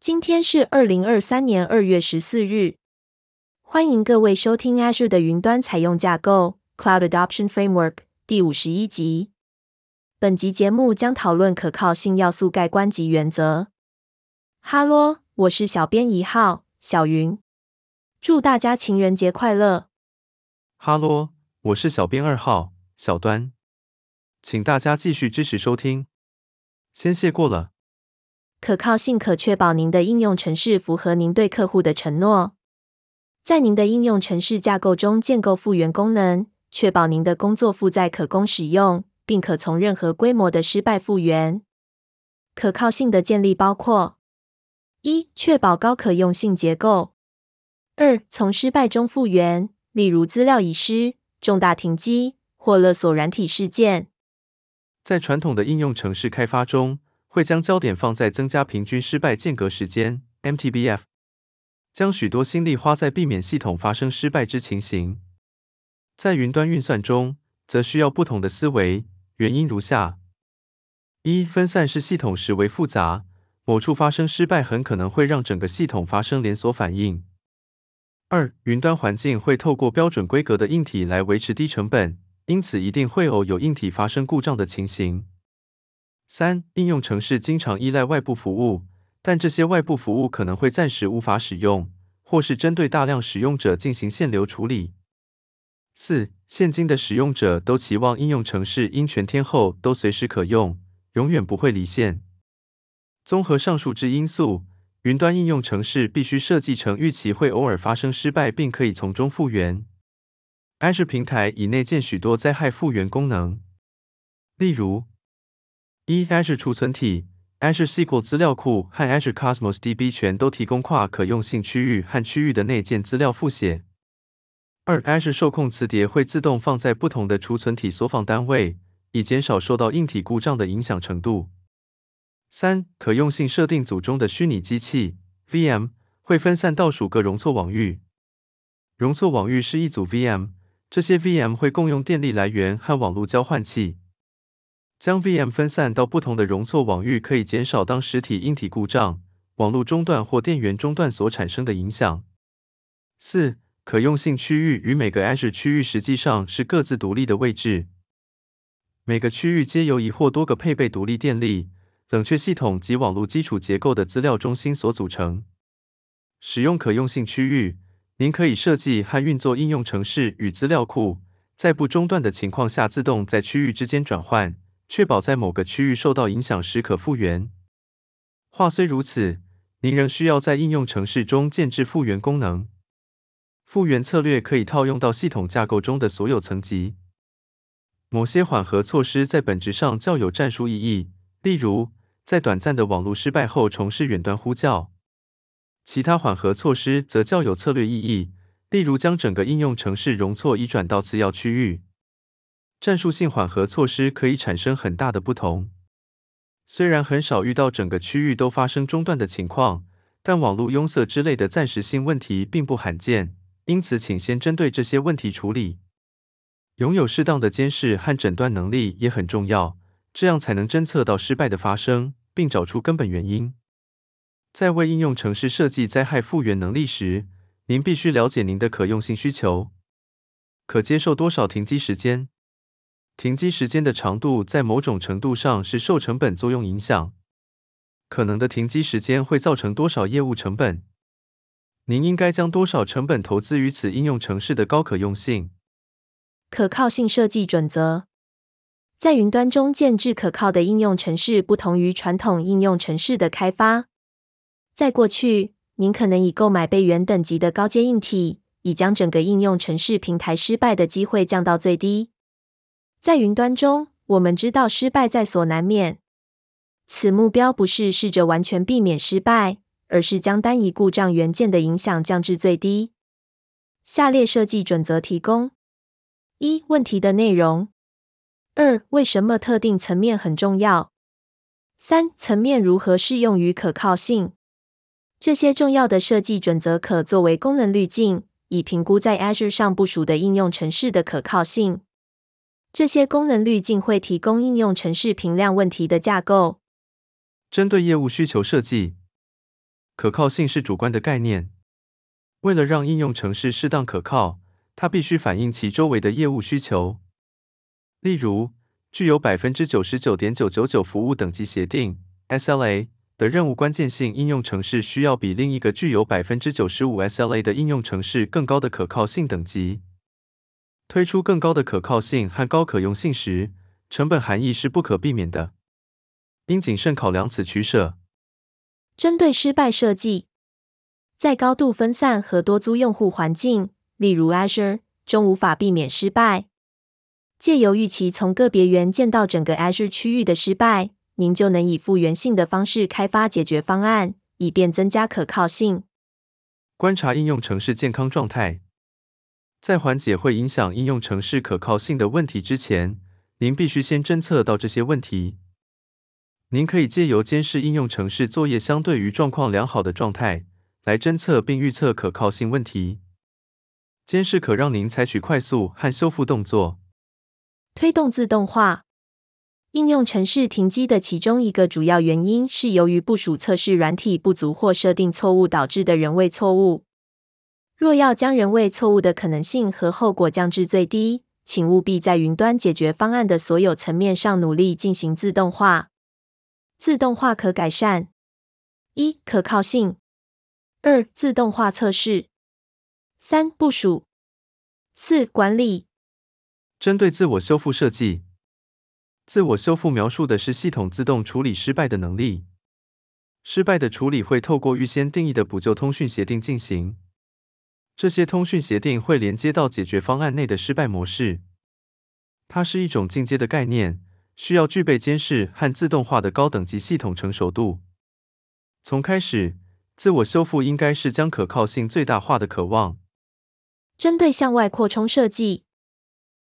今天是二零二三年二月十四日，歡迎各位收聽 Azure 的雲端採用架構 （Cloud Adoption Framework） 第五十一集。本集節目將討論可靠性要素概觀及原則。哈嘍，我是小編一號小雲，祝大家情人節快樂。哈嘍，我是小編二號小端，請大家繼續支持收聽，先謝過了。可靠性可確保您的應用程式符合您對客戶的承諾。在您的應用程式架構中，建構復原功能，確保您的工作負載可供使用，並可從任何規模的失敗復原。可靠性的建立包括：一、確保高可用性結構；二、從失敗中復原，例如資料遺失、重大停機或勒索軟體事件。在傳統的應用程式開發中。會將焦點放在增加平均失敗間隔時間 （MTBF），將許多心力花在避免系統發生失敗之情形。在雲端運算中，則需要不同的思維，原因如下：一、分散式系統實為複雜，某處發生失敗很可能會讓整個系統發生連鎖反應；二、雲端環境會透過標準規格的硬體來維持低成本，因此一定會偶有，有硬體發生故障的情形。三、應用程式經常依賴外部服務，但這些外部服務可能會暫時無法使用，或是針對大量使用者進行限流處理。四、現今的使用者都期望應用程式因全天候都隨時可用，永遠不會離線。綜合上述之因素，雲端應用程式必須設計成預期會偶爾發生失敗，並可以從中復原。Azure 平台已內建許多災害復原功能，例如。一 Azure 儲存體、Azure SQL 資料庫和 Azure Cosmos DB 全都提供跨可用性區域和區域的內建資料複寫。二 Azure 受控磁碟會自動放在不同的儲存體縮放單位，以減少受到硬體故障的影響程度。三可用性設定組中的虛擬機器 （VM） 會分散到數個容錯網域。容錯網域是一組 VM，這些 VM 會共用電力來源和網絡交換器。將 VM 分散到不同的容錯網域，可以減少當實體硬體故障、網絡中斷或電源中斷所產生的影響。四、可用性區域與每個 Azure 區域實際上是各自獨立的位置。每個區域皆由一或多個配備獨立電力、冷卻系統及網絡基礎結構的資料中心所組成。使用可用性區域，您可以設計和運作應用程式與資料庫，在不中斷的情況下自動在區域之間轉換。確保在某個區域受到影響時可復原。話雖如此，您仍需要在應用程式中建置復原功能。復原策略可以套用到系統架構中的所有層級。某些緩和措施在本質上較有戰術意義，例如在短暫的網絡失敗後重試遠端呼叫；其他緩和措施則較有策略意義，例如將整個應用程式容錯移轉到次要區域。戰術性緩和措施可以產生很大的不同。雖然很少遇到整個區域都發生中斷的情況，但網絡擁塞之類的暫時性問題並不罕見。因此，請先針對這些問題處理。擁有適當的監視和診斷能力也很重要，這樣才能偵測到失敗的發生，並找出根本原因。在為應用程式設計災害復原能力時，您必須了解您的可用性需求，可接受多少停機時間。停機時間的長度在某種程度上是受成本作用影響。可能的停機時間會造成多少業務成本？您應該將多少成本投資於此應用程式的高可用性？可靠性設計準則。在雲端中建置可靠的應用程式，不同於傳統應用程式的開發。在過去，您可能已購買備援等級的高階硬體，以將整個應用程式平台失敗的機會降到最低。在雲端中，我們知道失敗在所難免。此目標不是試着完全避免失敗，而是將單一故障元件的影響降至最低。下列設計準則提供：一、問題的內容；二、為什麼特定層面很重要；三、層面如何適用於可靠性。這些重要的設計準則可作為功能濾鏡，以評估在 Azure 上部署的應用程式的可靠性。這些功能濾鏡會提供應用程式評量問題的架構，針對業務需求設計。可靠性是主觀的概念。為了讓應用程式適當可靠，它必須反映其周圍的業務需求。例如，具有百分之九十九點九九九服務等級協定 （SLA） 的任務關鍵性應用程式，需要比另一個具有百分之九十五 SLA 的應用程式更高的可靠性等級。推出更高的可靠性和高可用性時，成本含義是不可避免的，應謹慎考量此取舍。針對失敗設計，在高度分散和多租用戶環境，例如 Azure 中，無法避免失敗。借由預期從個別元件到整個 Azure 區域的失敗，您就能以復原性的方式開發解決方案，以便增加可靠性。觀察應用程式健康狀態。在緩解會影響應用程式可靠性的問題之前，您必須先偵測到這些問題。您可以借由監視應用程式作業相對於狀況良好的狀態，來偵測並預測可靠性問題。監視可讓您採取快速和修復動作。推動自動化。應用程式停機的其中一個主要原因是由於部署測試軟體不足或設定錯誤導致的人為錯誤。若要將人為錯誤的可能性和後果降至最低，請務必在雲端解決方案的所有層面上努力進行自動化。自動化可改善：一、可靠性；二、自動化測試；三、部署；四、管理。針對自我修復設計，自我修復描述的是系統自動處理失敗的能力。失敗的處理會透過預先定義的補救通訊協定進行。這些通訊協定會連接到解決方案內的失敗模式，它是一種進階的概念，需要具備監視和自動化的高等級系統成熟度。從開始，自我修復應該是將可靠性最大化的渴望。針對向外擴充設計，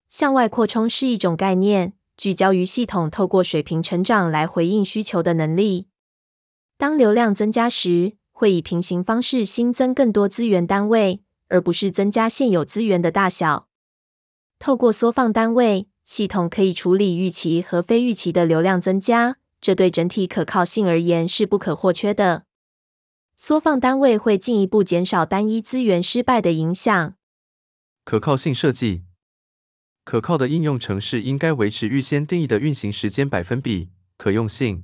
向外擴充是一種概念，聚焦於系統透過水平成長來回應需求的能力。當流量增加時，會以平行方式新增更多資源單位，而不是增加現有資源的大小，透過縮放單位，系統可以處理預期和非預期的流量增加，這對整體可靠性而言是不可或缺的。縮放單位會進一步減少單一資源失敗的影響。可靠性設計。可靠的應用程式應該維持預先定義的運行時間百分比可用性，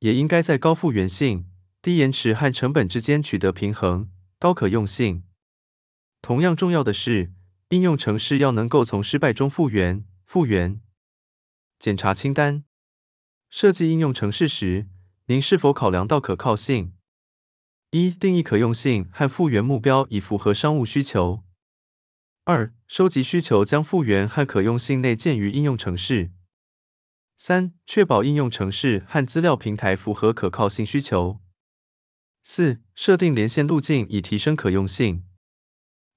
也應該在高復原性、低延遲和成本之間取得平衡。高可用性。同樣重要的是，應用程式要能夠從失敗中復原，復原。檢查清單：設計應用程式時，您是否考量到可靠性？一、定義可用性和復原目標以符合商務需求。二、收集需求，將復原和可用性內建於應用程式。三、確保應用程式和資料平台符合可靠性需求。四、設定連線路徑以提升可用性。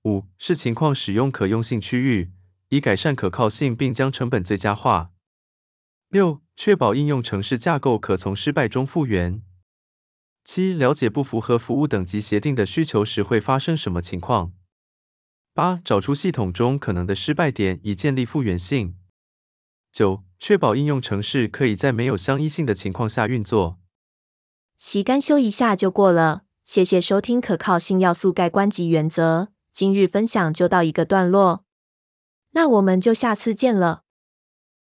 五視情況使用可用性區域，以改善可靠性，並將成本最佳化。六確保應用程式架構可從失敗中復原。七了解不符合服務等級協定的需求時會發生什麼情況。八找出系統中可能的失敗點，以建立復原性。九確保應用程式可以在沒有相依性的情況下運作。洗干修一下就過了。謝謝收聽可靠性要素概觀及原則。今日分享就到一個段落，那我們就下次見了。